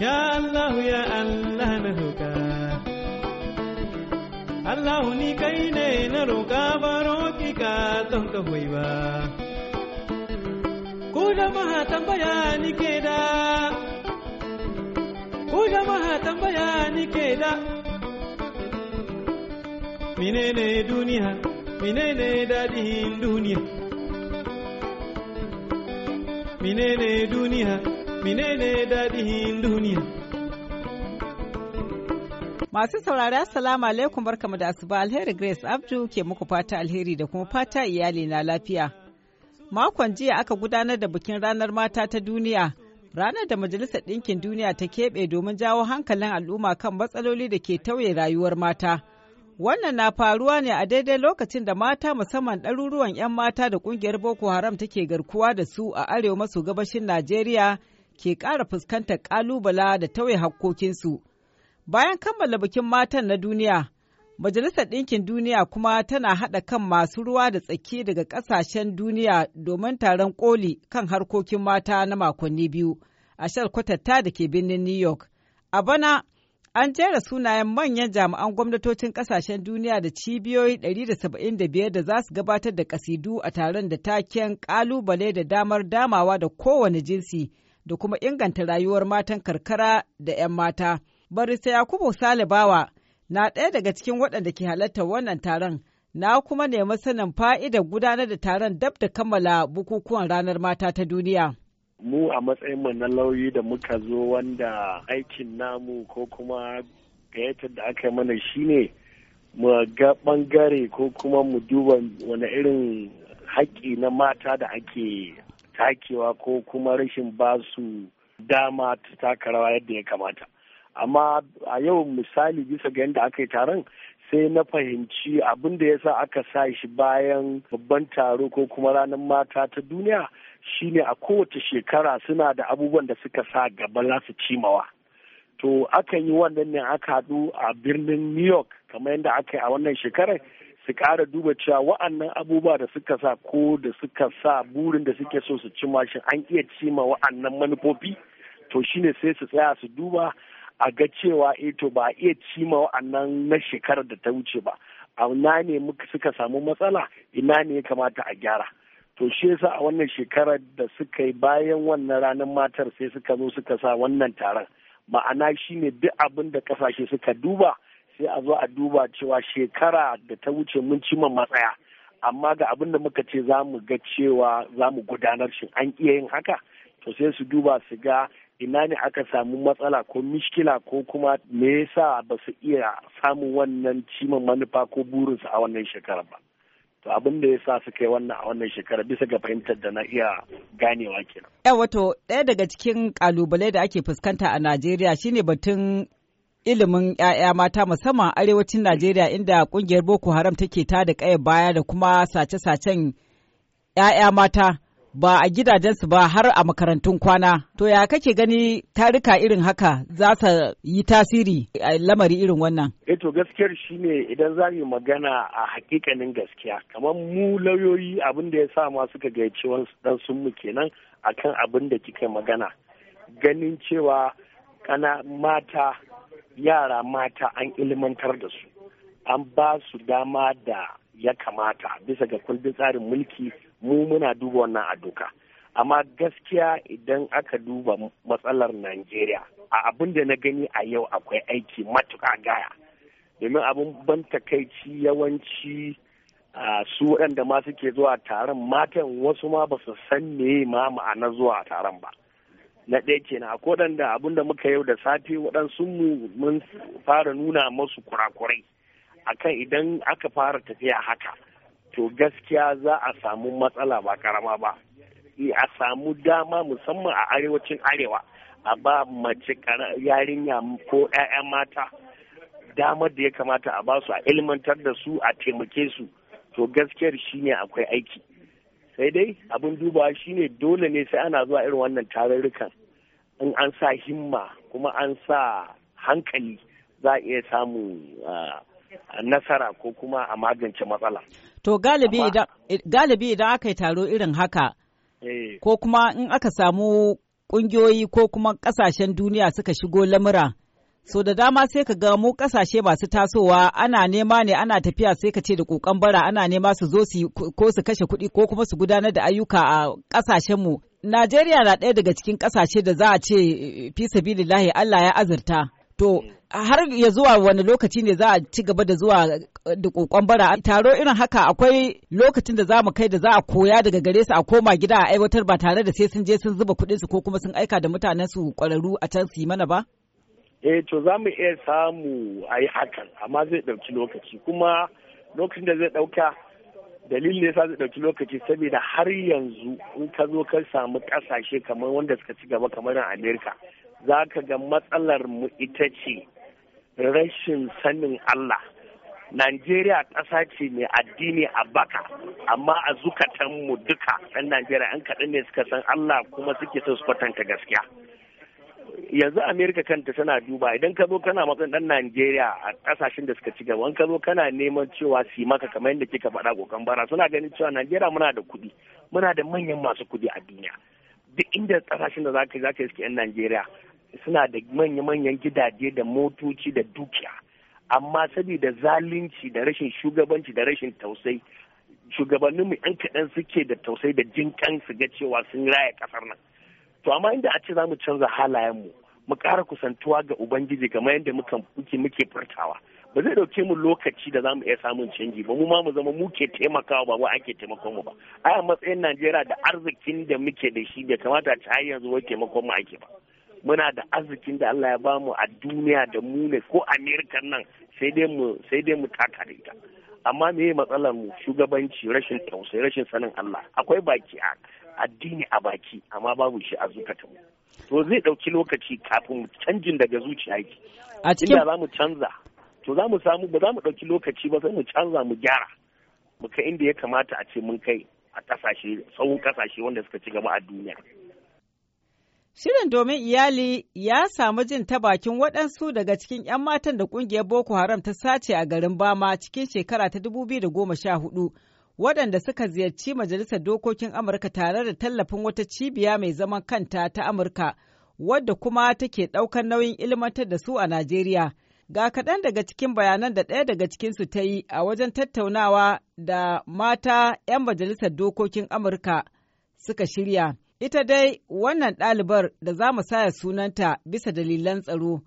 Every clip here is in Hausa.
Ya Allah ya Allah na roƙa Allah ni kai ne na roƙa baro ki ka don ka hoyi ba Ku jama'a tambaya ni ke da Ku jama'a tambaya ni ke da Menene duniya menene dadihin duniya menene duniya menene daɗin duniya. Masu saurari Assalamu alaikum barkamu da asuba alheri Grace Abdu ke muku fata alheri da kuma fata iyali na lafiya. Makon jiya aka gudanar da bikin ranar mata ta duniya, ranar da Majalisar Ɗinkin Duniya ta keɓe domin jawo hankalin al'umma kan matsaloli da ke tauye rayuwar mata. Wannan na faruwa ne a daidai lokacin da mata musamman ɗaruruwan 'yan mata da ƙungiyar Boko Haram take garkuwa da su a arewa maso gabashin Najeriya ke ƙara fuskantar ƙalubala da tauye hakkokinsu. Bayan kammala bikin matan na duniya, Majalisar Ɗinkin Duniya kuma tana haɗa kan masu ruwa da tsaki daga ƙasashen duniya domin taron ƙoli kan harkokin mata na makonni biyu a shalkwatatta da ke birnin New York. A bana, an jera sunayen manyan jami'an gwamnatocin ƙasashen duniya da cibiyoyi 175 da za su gabatar da ƙasidu a taron da taken ƙalubale da damar damawa da kowane jinsi da kuma inganta rayuwar matan karkara da 'yan mata. Barista Yakubu Salibawa na ɗaya daga cikin waɗanda ke halartar wannan taron, na kuma nemi sanin fa'idar gudanar da taron dab da kammala bukukuwan ranar mata ta duniya. Mu a matsayin mu na lauyi da muka zo wanda aikin namu ko kuma gayyatar da aka yi mana shi ne mu ga ɓangare ko kuma mu duba wani irin haƙƙi na mata da ake takewa ko kuma rashin ba su dama ta taka rawa yadda ya kamata amma a yau misali bisa ga yadda aka yi taron sai na fahimci abin da yasa aka sa shi bayan babban taro ko kuma ranar mata ta duniya shine a kowace shekara suna da abubuwan da suka sa gaba za su cimawa to akan yi wannan ne aka haɗu a birnin new york kamar yadda aka yi a wannan shekarar su ƙara duba cewa wa'annan abubuwa da suka sa ko da suka sa burin da suke so su ci shi an iya cima wa'annan manufofi to shine sai su tsaya su duba a ga cewa eh, to ba a iya cima wa'annan na shekarar da ta wuce ba a ina ne suka samu matsala ina ne ya kamata a gyara to shi yasa a wannan shekarar da suka yi bayan wannan ranar matar sai suka zo suka sa wannan taron ma'ana shine duk abin da kasashe suka duba sai a zo a duba cewa shekara da ta wuce mun cima matsaya amma ga abin da muka ce za mu ga cewa za mu gudanar shi an iya yin haka to sai su duba su ga ina ne aka samu matsala ko mishkila ko kuma me yasa ba su iya samun wannan ciman manufa ko burinsu a wannan shekarar ba to abin da ya sa suka yi wannan a wannan shekara bisa ga fahimtar da na iya ganewa kenan. Yawa wato ɗaya daga cikin ƙalubale da ake fuskanta a Najeriya shine batun ilimin 'ya'ya mata musamman arewacin Najeriya inda kungiyar Boko Haram take ta da kaya baya da kuma sace-sacen 'ya'ya mata ba a gidajensu ba har a makarantun kwana. To ya kake gani tarika irin haka za su yi tasiri a lamari irin wannan? E to gaskiyar shi ne idan za mu magana a hakikanin gaskiya. Kamar mu lauyoyi abin da ya sa ma suka gaici dan sun mu kenan akan abin da kika magana. Ganin cewa kana mata yara mata an ilimantar da su an ba su dama da ya kamata bisa ga kundin tsarin mulki mu muna duba wannan a doka amma gaskiya idan aka duba matsalar najeriya a abin da na gani a yau akwai aiki matuka gaya domin abin ban takaici yawanci su waɗanda ma suke zuwa taron matan wasu ma ba su san me ma ma'ana zuwa taron ba na ɗaya kenan a waɗanda abin da muka yau da safe waɗansu mun fara nuna masu kurakurai akan idan aka fara tafiya haka to gaskiya za a samu matsala ba karama ba e, a samu dama musamman a arewacin arewa a ba mace yarinya ko ƴaƴan mata damar da ya kamata a ba su a ilmantar da su a taimake su to gaskiyar shine akwai aiki sai dai abin dubawa shine dole ne sai ana zuwa irin wannan tarurrukan in an sa himma kuma an sa hankali za a iya samun ah, nasara ko kuma a magance matsala. To galibi idan aka yi taro irin haka, eh. ko kuma in aka samu ƙungiyoyi ko kuma ƙasashen duniya suka shigo lamura. So da dama sai ka ga mu kasashe masu tasowa ana nema ne ana tafiya sai ka ce da kokan bara ana nema su zo su ko su kashe kuɗi ko kuma su gudanar da ayyuka a kasashenmu Najeriya na ɗaya daga cikin ƙasashe da za a ce fi sabilillahi Allah ya azurta. To har ya zuwa wani lokaci ne za a ci gaba da zuwa da ƙoƙon bara taro irin haka akwai lokacin da za mu kai da za a koya daga gare su a koma gida a aiwatar ba tare da sai sun je sun zuba kuɗinsu ko kuma sun aika da mutanen su ƙwararru a can su yi mana ba? Eh to za mu iya samu a yi hakan amma zai ɗauki lokaci kuma lokacin da zai ɗauka dalilin yasa zai ɗauki lokaci saboda har yanzu in ka zo ka samu ƙasashe kamar wanda suka ci gaba kamar a amerika za ka ga matsalar mu ita ce rashin sanin allah Najeriya ƙasa ce mai addini a baka, amma a zukatanmu duka 'yan Najeriya 'yan kaɗan ne suka san Allah kuma suke so su kwatanta gaskiya. yanzu america kanta tana duba idan ka zo kana matsayin najeriya a kasashen da suka ci gaba in ka zo kana neman cewa su maka kamar yadda kika faɗa kokan bara suna ganin cewa najeriya muna da kuɗi muna da manyan masu kuɗi a duniya duk inda kasashen da zaka zaka iske yan najeriya suna da manya-manyan gidaje da motoci da dukiya amma saboda zalunci da rashin shugabanci da rashin tausayi shugabanninmu 'yan kaɗan suke da tausayi da jinkan su ga cewa sun raya kasar nan to amma inda a ce za mu canza halayenmu mu ƙara kusantuwa ga ubangiji kamar yadda muke muke furtawa ba zai dauke mu lokaci da za mu iya samun canji ba mu ma mu zama muke taimakawa ba wai ake taimakon mu ba ai a matsayin Najeriya da arzikin da muke da shi bai kamata ta har yanzu wai taimakon mu ake ba muna da arzikin da Allah ya ba mu a duniya da mu ne ko Amerika nan sai dai mu sai dai mu taka da ita amma me matsalar mu shugabanci rashin tausayi rashin sanin Allah akwai baki a addini a baki amma babu shi a zukata mu. to zai dauki lokaci kafin canjin daga zuciya yake a cikin za mu canza to za mu samu ba za mu dauki lokaci ba sai mu canza mu gyara mu kai inda ya kamata a ce mun kai a kasashe tsawon kasashe wanda suka ci gaba a duniya Shirin domin iyali ya samu jin ta bakin waɗansu daga cikin 'yan matan da ƙungiyar Boko Haram ta sace a garin Bama cikin shekara ta 2014 waɗanda suka ziyarci Majalisar Dokokin Amurka tare da tallafin wata cibiya mai zaman kanta ta Amurka wadda kuma take ɗaukar nauyin ilmantar da su a Najeriya. Ga kaɗan daga cikin bayanan da ɗaya daga cikinsu ta yi a wajen tattaunawa da mata 'yan Majalisar Dokokin Amurka suka shirya. Ita dai wannan ɗalibar da za mu saya sunanta bisa dalilan tsaro,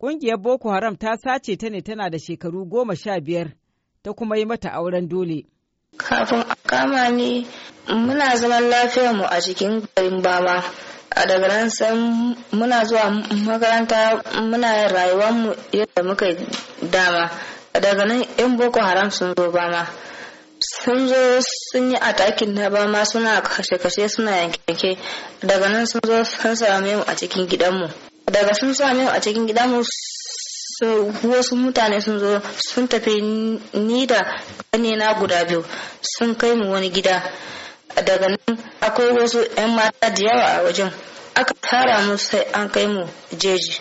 ƙungiyar Boko Haram ta sace ta ne tana da shekaru goma sha biyar ta kuma yi mata auren dole. Kafin a kama ni muna zaman lafiyar mu a cikin garin bama. A daga nan sai muna zuwa makaranta muna yin rayuwar mu yadda muka dama. daga nan yan boko haram sun zo bama. sun zo sun yi a ɗakin na ba ma suna kashe-kashe suna yanke daga nan sun zo sun same mu a cikin gidanmu daga sun same mu a cikin gidanmu wasu mutane sun zo sun tafi ni da na guda biyu sun kai mu wani gida daga nan akwai wasu 'yan mata da yawa a wajen aka tara mu sai an kai mu jeji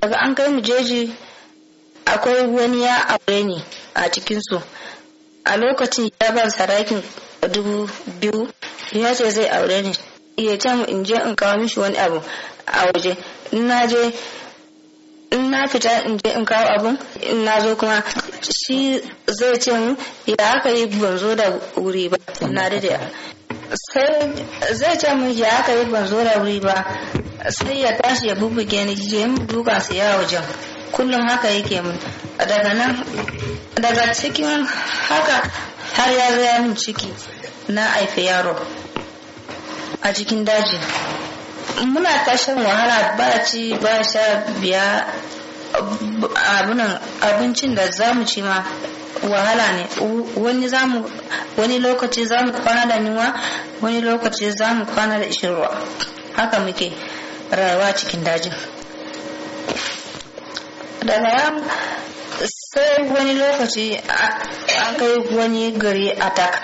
daga an kai mu jeji akwai wani ya aure ni a cikinsu a lokacin ya ba sarakin dubu biyu ya ce zai aure ni ya ce in je in kawo mishi wani abu a waje na je in na fita in je in kawo abun in na zo kuma shi zai ce mu ya aka yi ban zo da wuri ba na dade sai zai ce mu ya aka yi ban zo da wuri ba sai ya tashi ya bubbuge ni je mu duka su ya wajen kullum haka yake mun daga nan daga cikin haka har ya zo min ciki na haife yaro a cikin daji muna tashin wahala ba ci ba sha biya abunan abincin da za mu ci ma wahala ne wani lokaci za mu kwana da niwa wani lokaci za mu kwana da ishin ruwa haka muke rayuwa cikin dajin daga kai wani lokaci an kai wani gari attack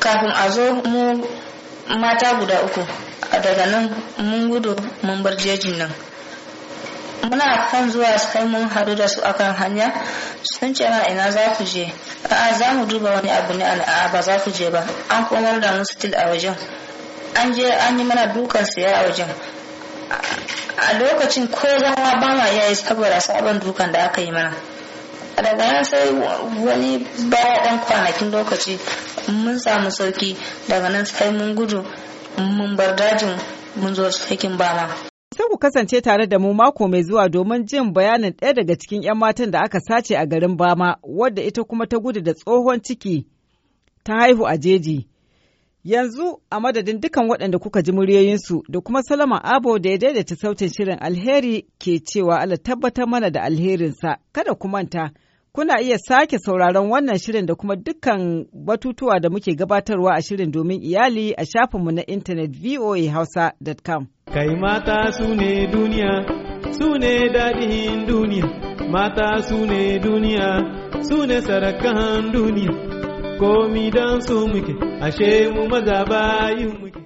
kafin a zo mu mata guda uku daga nan mun gudu mun bar jejin nan muna kan zuwa sai mun haɗu da su akan hanya sun ce na ina za ku je a'a za mu duba wani abu ne a'a ba za ku je ba an komar da mu stil a wajen an je an yi mana dukan siya a wajen a lokacin ko zama ba ma yayi saboda sabon dukan da aka yi mana daga nan sai wani baya dan kwanakin lokaci mun samu sauki daga nan sai mun gudu mun bar dajin mun zo cikin bana sai ku kasance tare da mu mako mai zuwa domin jin bayanin ɗaya daga cikin 'yan matan da aka sace a garin bama wadda ita kuma ta gudu da tsohon ciki ta haihu a jeji. Yanzu a madadin dukan waɗanda kuka ji muryoyinsu da kuma Salama Abo da ya daidaita sautin shirin alheri ke cewa Allah tabbatar mana da alherinsa kada ku manta. Kuna iya sake sauraron wannan shirin da kuma dukkan batutuwa da muke gabatarwa a shirin domin iyali a shafinmu na intanet voahausa.com. Kai mata su ne duniya, su ne daɗin duniya, mata su ne duniya, su ne sarakan duniya, komi don su muke, ashe mu maza bayin muke.